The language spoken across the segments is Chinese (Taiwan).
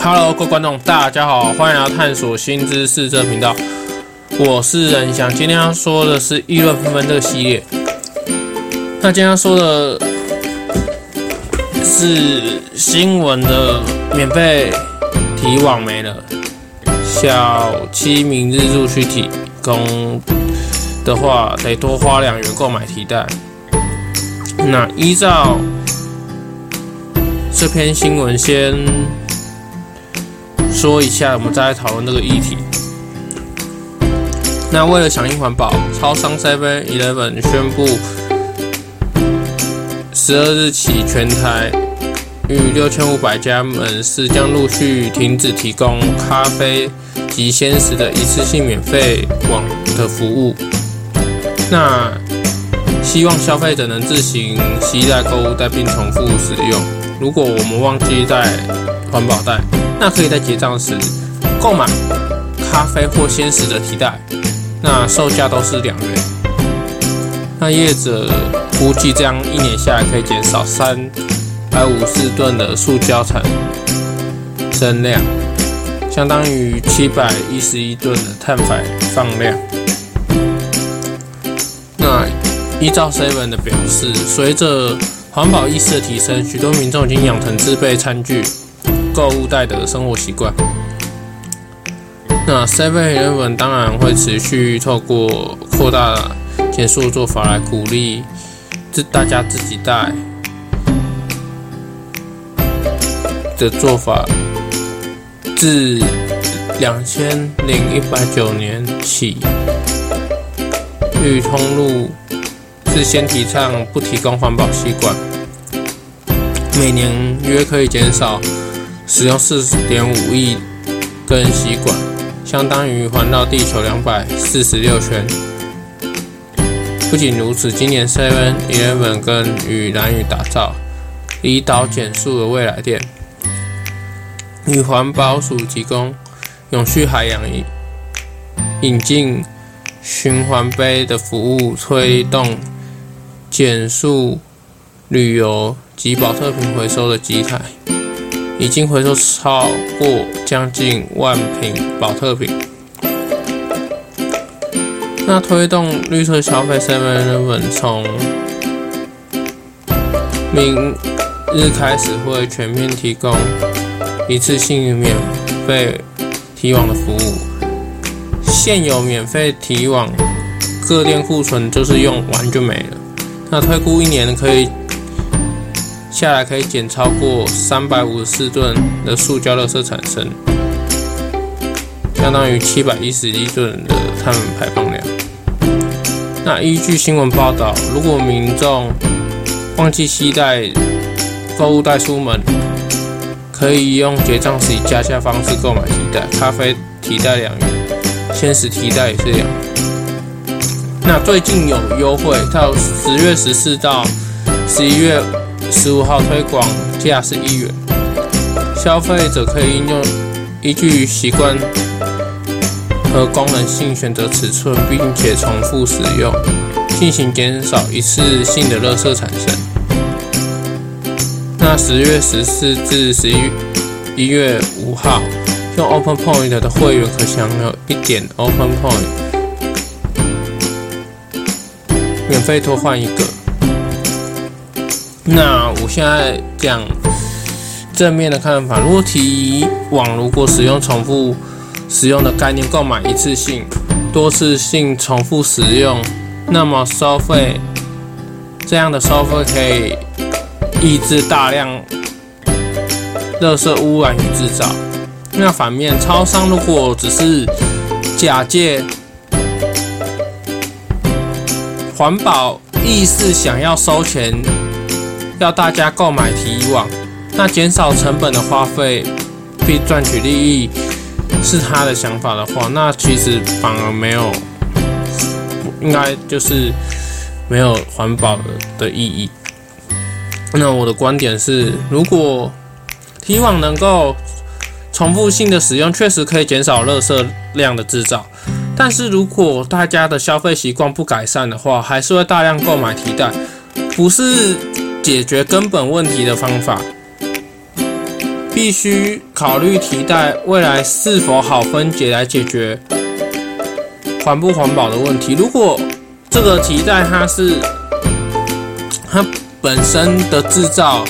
哈嘍各位觀眾，大家好，歡迎來到探索新知識這頻道。我是仁翔，今天要說的是議論紛紛這個系列。那今天要說的是新聞的免費提網沒了，小七明日陸續停供的話得多花兩元購買提袋。那依照這篇新聞先，說一下，我們再來討論這個議題。那為了響應環保，超商 Seven Eleven 宣布，十二日起全台逾六千五百家門市將陸續停止提供咖啡及鮮食的一次性免費網的服務。那希望消費者能自行攜帶購物袋並重複使用。如果我們忘記帶環保袋，那可以在結賬時購買咖啡或鮮食的替代，那售價都是兩元。那業者估計這樣一年下來可以減少三百五十噸的塑膠產生量，相當於七百一十一噸的碳排放量。那依照 Seven 的表示，隨着環保意識的提升，許多民眾已經養成自備餐具、購物袋的生活習慣，那 Seven Eleven 當然會持續透過擴大減塑的做法來鼓勵自大家自己帶的做法。自二零一九年起，綠通路是先提倡不提供環保吸管，每年約可以減少。使用40.5億根吸管，相當於環繞地球246圈。不僅如此，今年 seven eleven 跟與藍宇打造離島減塑的未來店，與環保署提供永續海洋引進循環杯的服務，推動減塑旅遊及保特瓶回收的機台。已經回收超過將近萬瓶寶特瓶，那推動綠色消費，7-ELEVEN 從明日開始會全面提供一次性免費提網的服務。現有免費提網各店庫存就是用完就沒了，那推估一年可以。下來可以減超過三百五十四噸的塑膠垃圾產生，相當於七百一十一噸的碳排放量。那依據新聞報道，如果民眾忘記攜帶購物袋出門，可以用結賬時以加價方式購買提袋，咖啡提袋兩元，鮮食提袋也是兩元。那最近有優惠，到十月十四到十一月。十五號推廣價是一元，消費者可以應用依據習慣和功能性選擇尺寸，並且重複使用，進行減少一次性的垃圾產生。那十月十四至十一一月五號，用 Open Point 的會員可享有一點 Open Point，免費拖換一個。那我現在講正面的看法，如果提網，如果使用重複使用的概念購買一次性、多次性重複使用，那麼收費，這樣的收費可以抑制大量垃圾污染與製造。那反面，超商如果只是假借環保意識想要收錢。要大家購買提網，那減少成本的花費並賺取利益是他的想法的話，那其實反而沒有，應該就是沒有環保的意義。那我的觀點是，如果提網能夠重複性的使用，確實可以減少垃圾量的制造。但是如果大家的消費習慣不改善的話，還是會大量購買提袋，不是解決根本問題的方法，必須考慮提袋未來是否好分解，來解決環不環保的問題。如果這個提袋它是它本身的製造，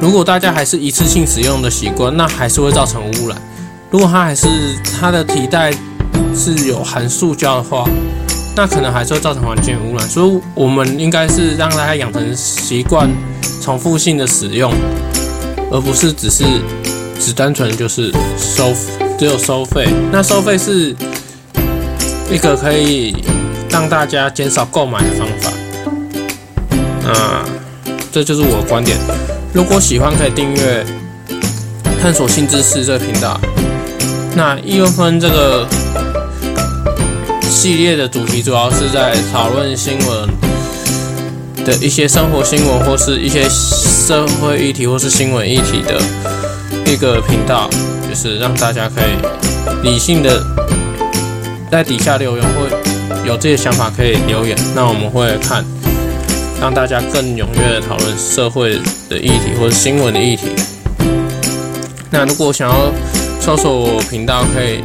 如果大家還是一次性使用的習慣，那還是會造成污染。如果它還是它的提袋是有含塑膠的話。那可能還是會造成環境污染，所以我們應該是讓大家養成習慣，重複性的使用，而不是只是只單純就是收只有收費。那收費是一個可以讓大家減少購買的方法。那、啊、這就是我的觀點。如果喜歡，可以訂閱《探索新知識》這個頻道。那一月份這個。系列的主題主要是在討論新聞的一些生活新聞，或是一些社會議題，或是新聞議題的一個頻道，就是讓大家可以理性的在底下留言，或有這些想法可以留言。那我們會看，讓大家更踴躍的討論社會的議題，或是新聞的議題。那如果想要搜索我頻道，可以。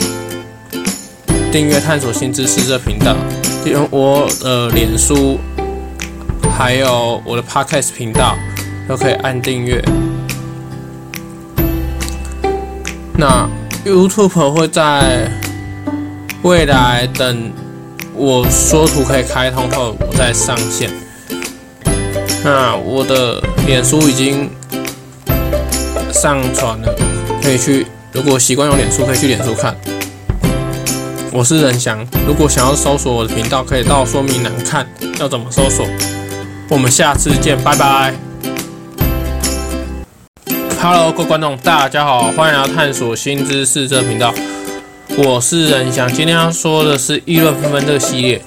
訂閱探索新知識這頻道，用我的臉書，還有我的 Podcast 頻道都可以按訂閱。那 YouTube 會在未來等我說圖可以開通後我再上線。那我的臉書已經上傳了，可以去。如果習慣用臉書，可以去臉書看。我是仁翔，如果想要搜索我的頻道，可以到說明欄看要怎麼搜索。我們下次見，拜拜。Hello，各位觀眾，大家好，歡迎來到探索新知識這個頻道。我是仁翔，今天要說的是議論紛紛這個系列。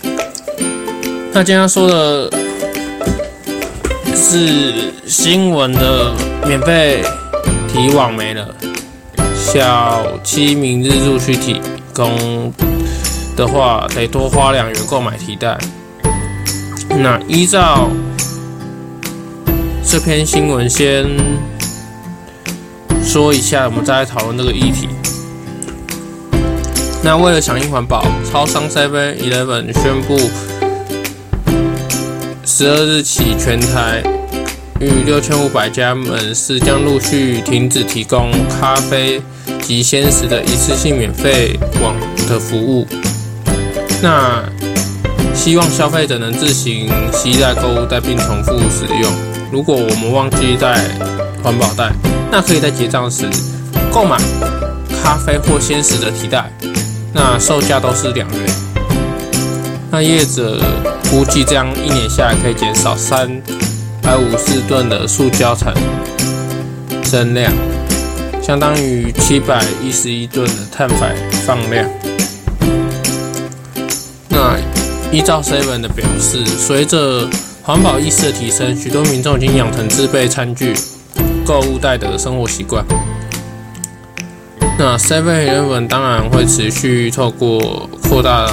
那今天要說的是新聞的免費提網沒了，小七明日起陸續停供。的話得多花兩元購買提袋。那依照這篇新聞先說一下，我們再來討論這個議題。那為了響應環保，超商 Seven Eleven 宣布，十二日起全台逾六千五百家門市將陸續停止提供咖啡及鮮食的一次性免費網的服務。那希望消費者能自行攜帶購物袋並重複使用。如果我們忘記帶環保袋，那可以在結賬時購買咖啡或鮮食的提袋，那售價都是兩元。那業者估計這樣一年下來可以減少三百五十噸的塑膠產生量，相當於七百一十一噸的碳排放量。那依照 Seven 的表示，隨着環保意識的提升，許多民眾已經養成自備餐具、購物袋的生活習慣。那 Seven 原本當然會持續透過擴大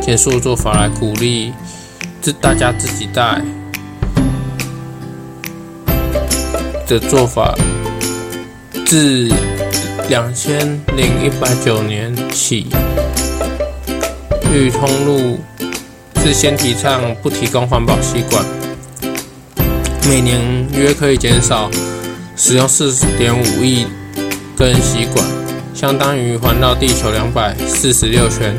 減塑做法來鼓勵大家自己帶的做法，自兩千零一十九年起。綠通路是先提倡不提供環保吸管，每年約可以減少使用4.5億根吸管，相當於環繞地球246圈。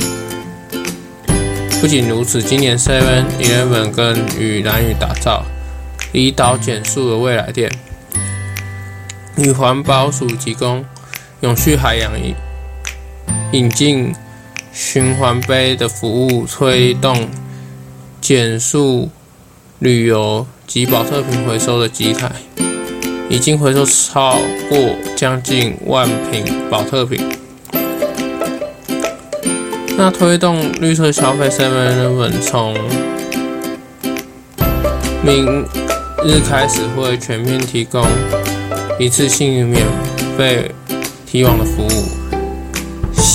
不僅如此，今年 seven Eleven 跟與藍雨打造離島減塑的未來店，與環保署提供永續海洋引引進，循環杯的服務推動減塑旅遊及寶特瓶回收的機台，已經回收超過將近萬瓶寶特瓶。那推動綠色消費，7-ELEVEN 從明日開始會全面提供一次性免費提網的服務。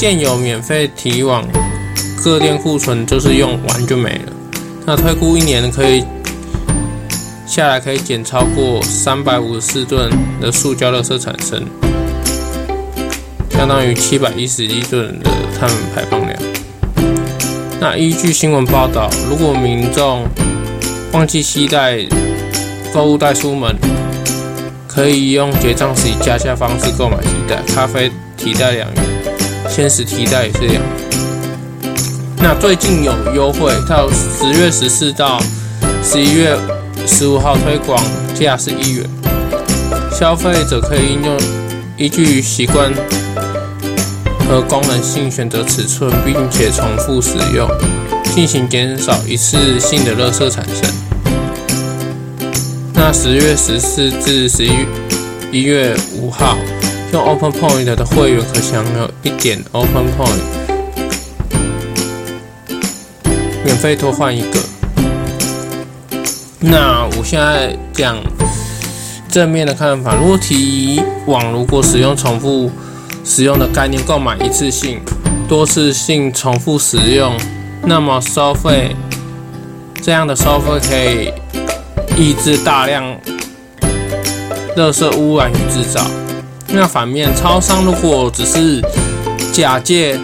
現有免費提網各店庫存，就是用完就沒了。那退庫一年可以下來可以減超過三百五十四噸的塑膠垃圾產生，相當於七百一十一噸的碳排放量。那依據新聞報道，如果民眾忘記攜帶購物袋出門，可以用結賬時加價方式購買提袋，咖啡提袋兩元。現實替代也是這樣。那最近有優惠，到十月十四到十一月十五號推廣價是一元。消費者可以應用依據習慣和功能性選擇尺寸，並且重複使用，進行減少一次性的垃圾產生。那十月十四至十一一月五號。用 Open Point 的會員可享有一點 Open Point 免費拖換一個。那我現在講正面的看法，如果提網，如果使用重複使用的概念購買一次性、多次性重複使用，那麼收費這樣的收費可以抑制大量垃圾污染與製造。那反面，超商如果只是假借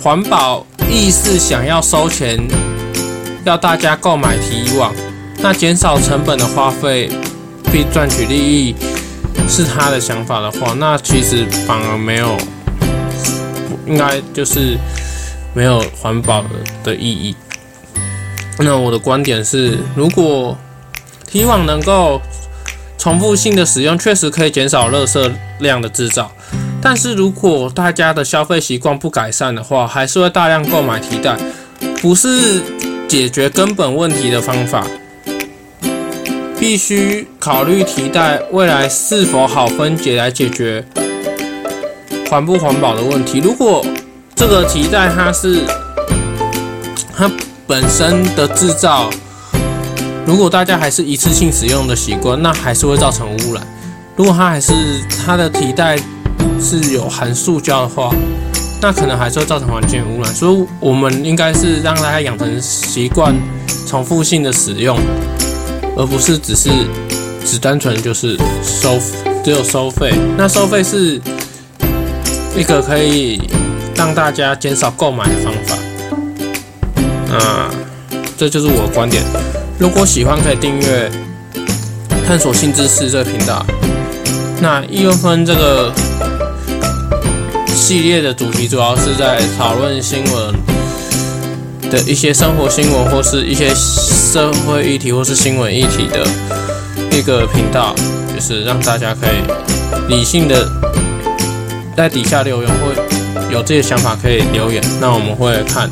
環保意識想要收錢，要大家購買提網，那減少成本的花費並賺取利益是他的想法的話，那其實反而沒有，應該就是沒有環保的、的意義。那我的觀點是，如果提網能夠。重複性的使用確實可以減少垃圾量的制造，但是如果大家的消費習慣不改善的話，還是會大量購買提袋，不是解決根本問題的方法。必須考慮提袋未來是否好分解來解決環不環保的問題。如果這個提袋它是它本身的制造。如果大家還是一次性使用的習慣，那還是會造成污染。如果它還是它的提袋是有含塑膠的話，那可能還是會造成環境污染。所以，我們應該是讓大家養成習慣，重複性的使用的，而不是只是只單純就是收只有收費。那收費是一個可以讓大家減少購買的方法。啊，這就是我的觀點。如果喜歡，可以訂閱“探索新知識”這個頻道。那議論紛紛這個系列的主題，主要是在討論新聞的一些生活新聞，或是一些社會議題，或是新聞議題的一個頻道，就是讓大家可以理性的在底下留言，或有這些想法可以留言。那我們會看。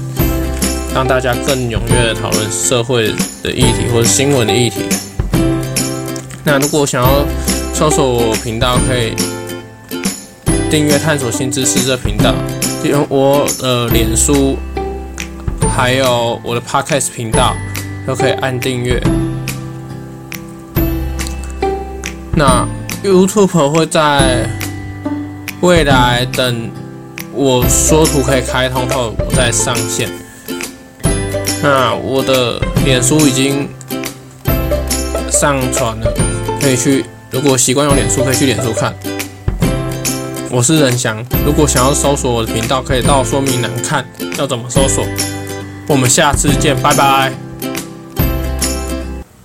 讓大家更踴躍的討論社會的議題或者新聞的議題。那如果想要搜索我頻道，可以訂閱“探索新知識”這頻道，用我的臉書，還有我的 Podcast 頻道都可以按訂閱。那 YouTube 會在未來等我縮圖可以開通後我再上線。那我的臉書已經上傳了，可以去。如果習慣用臉書，可以去臉書看。我是仁翔，如果想要搜索我的頻道，可以到說明欄看要怎麼搜索。我們下次見，拜拜。